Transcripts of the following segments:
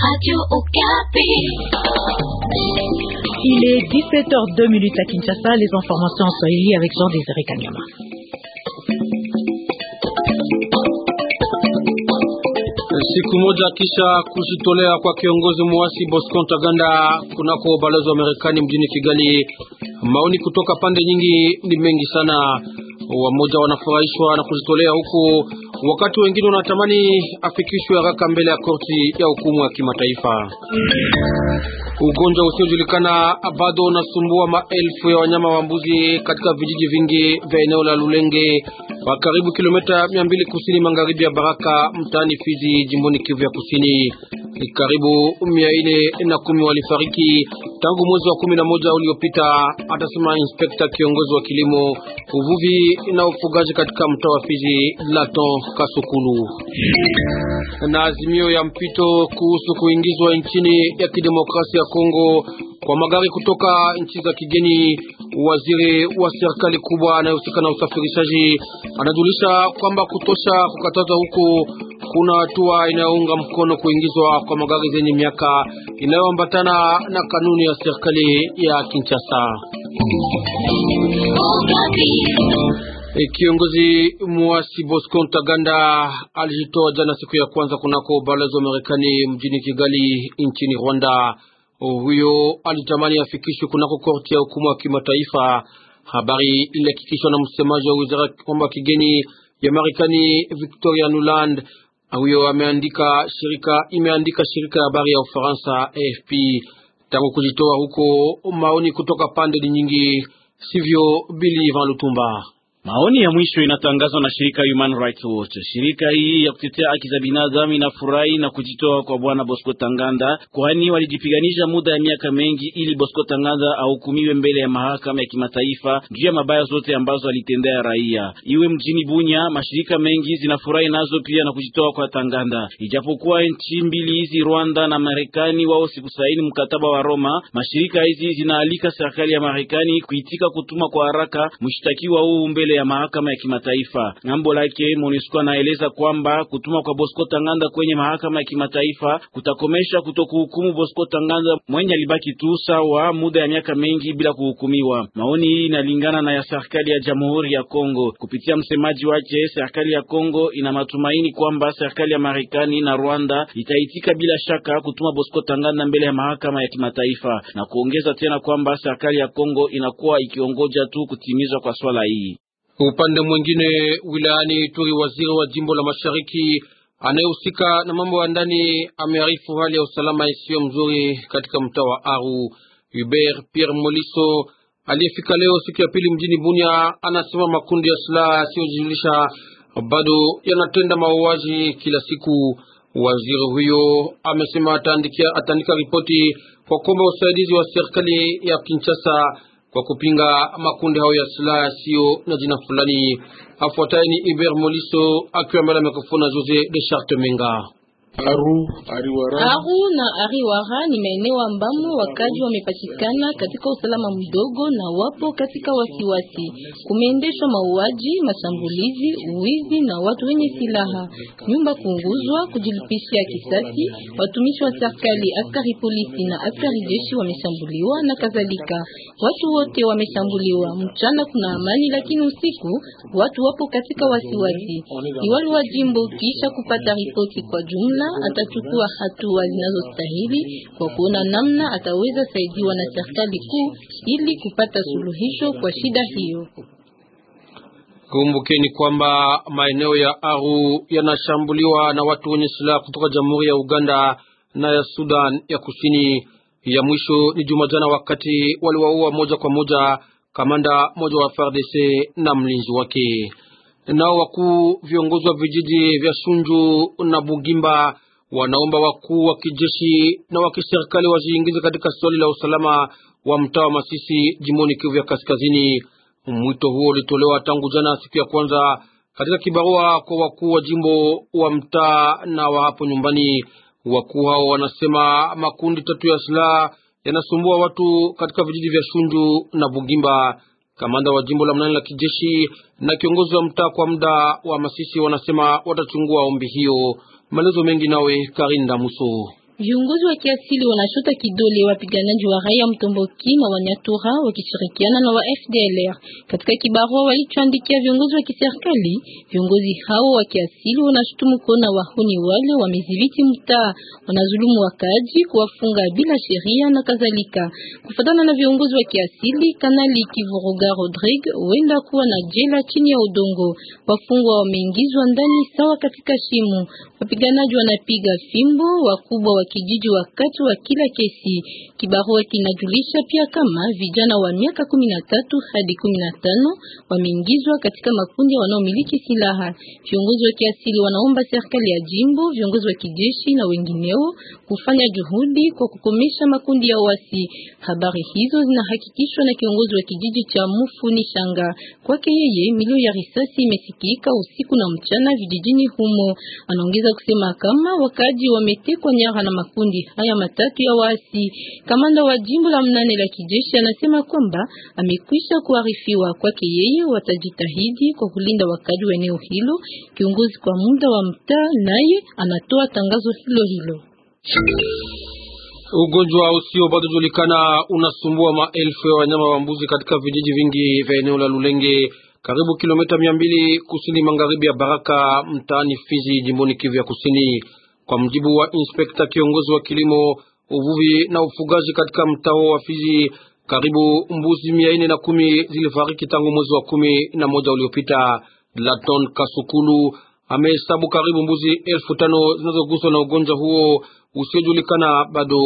Il est 17h02 à Kinshasa, les informations en Swahili avec Jean-Désiré Kanyama. Siku moja kisha kujitolea kwa kiongozi mwasi Bosco Ntaganda kunako balozi wa Marekani mjini Kigali, maoni kutoka pande nyingi ni mengi sana. Wamoja wanafurahishwa na kujitolea huku wakati wengine wanatamani afikishwe haraka mbele ya korti ya hukumu ya kimataifa. Ugonjwa usiojulikana bado unasumbua maelfu ya wanyama wa mbuzi katika vijiji vingi vya eneo la Lulenge wa karibu kilomita mia mbili kusini magharibi ya Baraka mtaani Fizi jimboni Kivu ya Kusini. Karibu mia ine na kumi walifariki tangu mwezi wa kumi na moja uliopita, atasema inspekta kiongozi wa kilimo, uvuvi na ufugaji katika mtaa wa Fizi Laton Kasukulu. Na azimio ya mpito kuhusu kuingizwa nchini ya kidemokrasia ya Kongo kwa magari kutoka nchi za kigeni, waziri wa serikali kubwa anayehusika na usafirishaji anajulisha kwamba kutosha kukataza huko hakuna hatua inayounga mkono kuingizwa kwa magari zenye miaka inayoambatana na kanuni ya serikali ya Kinshasa. E, kiongozi mwasi Bosco Ntaganda alijitoa jana siku ya kwanza kunako ubalozi wa Marekani mjini Kigali nchini Rwanda. Huyo alitamani afikishwe kunako korti ya hukumu ya kimataifa. Habari ilihakikishwa na msemaji wa wizara ya mambo ya kigeni ya Marekani Victoria Nuland huyo ameandika shirika imeandika shirika ya habari ya Ufaransa AFP. Tangu kujitoa huko, maoni kutoka pande nyingi, sivyo Bili Van Lutumba Maoni ya mwisho inatangazwa na shirika Human Rights Watch. Shirika hii ya kutetea haki za binadamu inafurahi na kujitoa kwa bwana Bosco Tanganda, kwani walijipiganisha muda ya miaka mengi ili Bosco Tanganda ahukumiwe mbele ya mahakama ya kimataifa juu ya mabaya zote ambazo alitendea raia. Iwe mjini Bunya, mashirika mengi zinafurahi nazo pia na kujitoa kwa Tanganda, ijapokuwa nchi mbili hizi Rwanda na Marekani wao sikusaini mkataba wa Roma. Mashirika hizi zinaalika serikali ya Marekani kuitika kutuma kwa haraka mshtakiwa huu mbele mbele ya mahakama ya kimataifa. Ng'ambo lake MONUSCO anaeleza kwamba kutuma kwa Bosco Tanganda kwenye mahakama ya kimataifa kutakomesha kutokuhukumu Bosco Tanganda mwenye alibaki tu sawa muda ya miaka mengi bila kuhukumiwa. Maoni hii inalingana na ya serikali ya Jamhuri ya Kongo kupitia msemaji wake. Serikali ya Kongo ina matumaini kwamba serikali ya Marekani na Rwanda itaitika bila shaka kutuma Bosco Tanganda mbele ya mahakama ya kimataifa na kuongeza tena kwamba serikali ya Kongo inakuwa ikiongoja tu kutimizwa kwa swala hii. Upande mwingine, wilayani Turi, waziri wa jimbo la mashariki anayehusika na mambo ya ndani amearifu hali ya usalama isiyo mzuri katika mtaa wa Aru. Hubert Pierre Moliso aliyefika leo siku ya pili mjini Bunia anasema makundi ya silaha yasiyojulisha bado yanatenda mauaji kila siku. Waziri huyo amesema ataandika ripoti kwa kuomba usaidizi wa serikali ya Kinshasa kwa kupinga makundi hayo ya silaha yasiyo na jina fulani. Afuataye ni Iber Moliso akiwa mbele ya mikrofoni Jose de Charte Menga. Aru, Ariwara. Aru na Ariwara ni maeneo ambamo wakaji wamepatikana katika usalama mdogo na wapo katika wasiwasi. Kumeendeshwa mauaji, mashambulizi, uwizi na watu wenye silaha, nyumba kuunguzwa, kujilipishia kisasi. Watumishi wa serikali, askari polisi na askari jeshi wameshambuliwa na kadhalika. Watu wote wameshambuliwa. Mchana kuna amani, lakini usiku watu wapo katika wasiwasi. Ni wa jimbo kisha kupata ripoti kwa jumla namna atachukua hatua zinazostahili kwa kuona namna ataweza saidiwa na serikali kuu ili kupata suluhisho kwa shida hiyo. Kumbukeni kwamba maeneo ya Aru yanashambuliwa na watu wenye silaha kutoka Jamhuri ya Uganda na ya Sudan ya Kusini. Ya mwisho ni Jumajana, wakati waliwaua moja kwa moja kamanda moja wa FARDC na mlinzi wake. Nao wakuu viongozi wa vijiji vya Sunju na Bugimba wanaomba wakuu wa kijeshi na wa kiserikali wajiingize katika swali la usalama wa mtaa wa Masisi jimboni Kivu ya Kaskazini. Mwito huo ulitolewa tangu jana siku ya kwanza katika kibarua kwa wakuu wa jimbo wa mtaa na wa hapo nyumbani. Wakuu hao wanasema makundi tatu ya silaha yanasumbua watu katika vijiji vya Shunju na Bugimba. Kamanda wa jimbo la mnane la kijeshi na kiongozi wa mtaa kwa muda wa Masisi wanasema watachungua ombi hiyo. Maelezo mengi nawe Karinda damuso Viongozi wa kiasili wanashota kidole wapiganaji wa raia mtomboki na Wanyatura wakishirikiana na wa FDLR. Katika kibarua walichoandikia viongozi wa kiserikali, viongozi hao wa kiasili wanashutumu kuona wahuni wale wameziviti mtaa, wanazulumu wakaaji, kuwafunga bila sheria na kadhalika. Kufuatana na viongozi wa kiasili, Kanali Kivuruga Rodrigue huenda kuwa na jela chini ya udongo. Wafungwa wameingizwa ndani sawa katika shimo. Wapiganaji wanapiga fimbo wakubwa wa kijiji wakati wa kila kesi. Kibarua kinajulisha pia kama vijana wa miaka 13 hadi 15 wameingizwa katika makundi wanaomiliki silaha. Viongozi wa kiasili wanaomba serikali ya jimbo, viongozi wa kijeshi na wengineo kufanya juhudi kwa kukomesha makundi ya wasi. Habari hizo zinahakikishwa na kiongozi wa kijiji cha Mufuni Shanga. Kwake yeye, milio ya risasi imesikika usiku na mchana vijijini humo. Anaongeza kusema kama wakaji wametekwa nyara na makundi haya matatu ya waasi. Kamanda wa jimbo la mnane la kijeshi anasema kwamba amekwisha kuarifiwa kwake yeye watajitahidi kwa kulinda wakaji wa eneo hilo. Kiongozi kwa muda wa mtaa naye anatoa tangazo hilo hilo. Ugonjwa usio bado julikana unasumbua maelfu ya wanyama wa mbuzi katika vijiji vingi vya eneo la Lulenge, karibu kilomita mia mbili kusini magharibi ya Baraka, mtaani Fizi, jimboni Kivu ya Kusini. Kwa mjibu wa inspekta kiongozi wa kilimo, uvuvi na ufugaji katika mtaa wa Fizi, karibu mbuzi mia nne na kumi zilifariki tangu mwezi wa kumi na moja uliopita. Laton Kasukulu amehesabu karibu mbuzi elfu tano zinazoguswa na ugonjwa huo usiojulikana bado.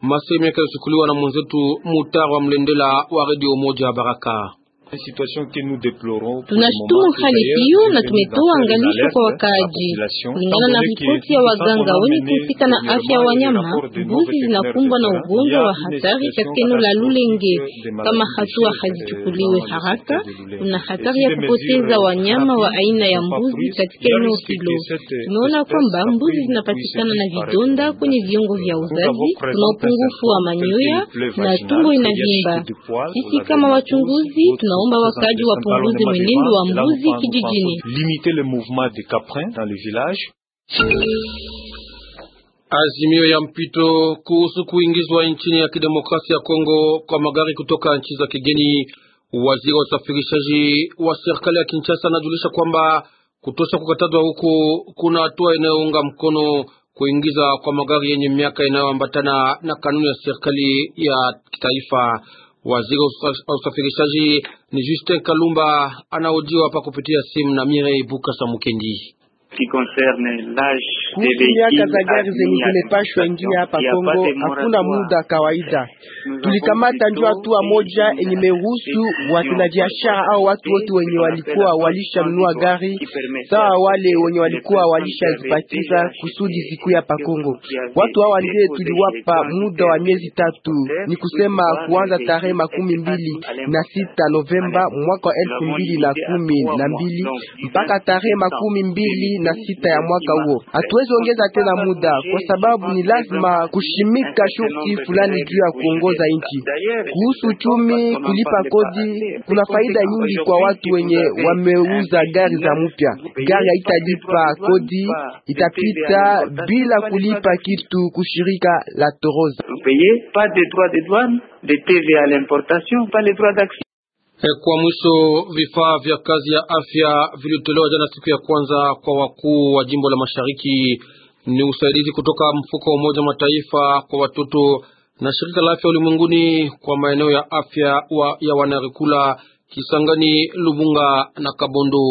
Masemi yake yalichukuliwa na mwenzetu mutar wa Mlendela wa redio moja Baraka tunashutumu hali hiyo na tumetoa angalisho kwa wakaaji. Kulingana na ripoti ya waganga wenye kuhusika na afya ya wanyama, mbuzi zinakumbwa na ugonjwa wa hatari katika eneo la Lulenge. Kama hatua hazichukuliwe haraka, kuna hatari ya kupoteza wanyama wa aina ya mbuzi katika eneo hilo. Tumeona kwamba mbuzi zinapatikana na vidonda kwenye viungo vya uzazi, kuna upungufu wa manyoya na tumbo inavimba. Sisi kama wachunguzi tuna wanaomba wakaji wapunguze mwenendo wa mbuzi kijijini. Azimio ya mpito kuhusu kuingizwa nchini ya kidemokrasia ya Kongo kwa magari kutoka nchi za kigeni. Waziri wa usafirishaji wa serikali ya Kinshasa anajulisha kwamba kutosha kukatazwa huku kuna hatua inayounga mkono kuingiza kwa magari yenye miaka inayoambatana na kanuni ya serikali ya kitaifa. Waziri wa usafirishaji ni Justin Kalumba anaojiwa hapa kupitia simu na Mirei Bukasa Mukendi kuhusu miaka za gari zenye zimepashwa njia hapa Kongo, hakuna muda kawaida. Tulikamata ndio hatua moja yenye meruhusu wafanyabiashara au watu wote wenye walikuwa walishanunua gari sawa wale wenye walikuwa walishazibatiza kusudi ziku hapa Kongo. Watu hawa ndiye tuliwapa muda wa miezi tatu, ni kusema kuanza tarehe makumi mbili na sita Novemba mwaka wa elfu mbili na kumi na mbili mpaka tarehe makumi mbili na sita ya mwaka huo hatuwezi ongeza tena muda, kwa sababu ni lazima kushimika shurti fulani juu ya kuongoza nchi. Kuhusu uchumi, kulipa kodi, kuna faida nyingi kwa watu wenye wameuza gari za mpya. Gari haitalipa kodi, itapita bila kulipa kitu kushirika la Toroza. Eh, kwa mwisho, vifaa vya kazi ya afya vilitolewa jana siku ya kwanza kwa wakuu wa jimbo la Mashariki. Ni usaidizi kutoka mfuko wa Umoja Mataifa kwa watoto na shirika la afya ulimwenguni kwa maeneo ya afya wa, ya wanarikula Kisangani, Lubunga na Kabondo.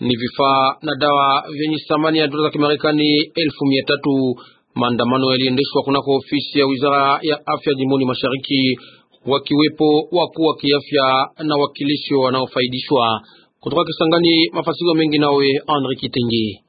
Ni vifaa na dawa vyenye thamani ya dola za Kimarekani elfu mia tatu. Maandamano yaliendeshwa kunako ofisi ya wizara ya afya jimboni Mashariki wakiwepo wakuu wa kiafya na wakilishi wanaofaidishwa kutoka Kisangani. Mafasiko mengi nawe Andre Kitengi.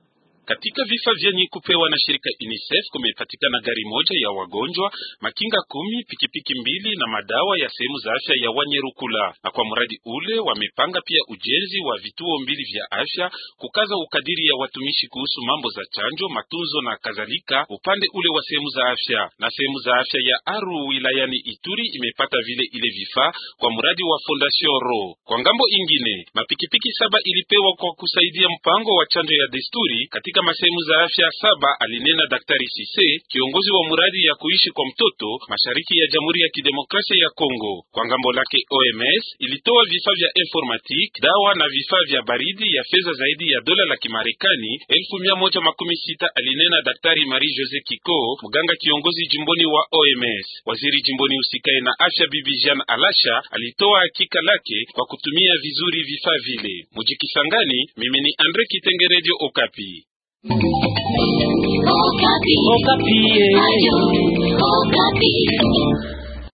Katika vifaa vyenye kupewa na shirika UNICEF kumepatikana gari moja ya wagonjwa, makinga kumi, pikipiki mbili na madawa ya sehemu za afya ya Wanyerukula. Na kwa mradi ule wamepanga pia ujenzi wa vituo mbili vya afya, kukaza ukadiri ya watumishi kuhusu mambo za chanjo, matunzo na kadhalika, upande ule wa sehemu za afya. Na sehemu za afya ya Aru wilayani Ituri imepata vile ile vifaa kwa mradi wa Fondation Ro. Kwa ngambo ingine, mapikipiki saba ilipewa kwa kusaidia mpango wa chanjo ya desturi katika katika masehemu za afya saba, alinena Daktari Sise, kiongozi wa mradi ya kuishi kwa mtoto mashariki ya Jamhuri ya Kidemokrasia ya Kongo. Kwa ngambo lake, OMS ilitoa vifaa vya informatique, dawa na vifaa vya baridi ya fedha zaidi ya dola la Kimarekani elfu mia moja makumi sita, alinena Daktari Marie Jose Kiko, mganga kiongozi jimboni wa OMS. Waziri jimboni husikae na afya Bibi Jean Alasha alitoa hakika lake kwa kutumia vizuri vifaa vile. Mujikisangani, mimi ni Andre Kitenge, Radio Okapi. Okapi. Okapi. Eh.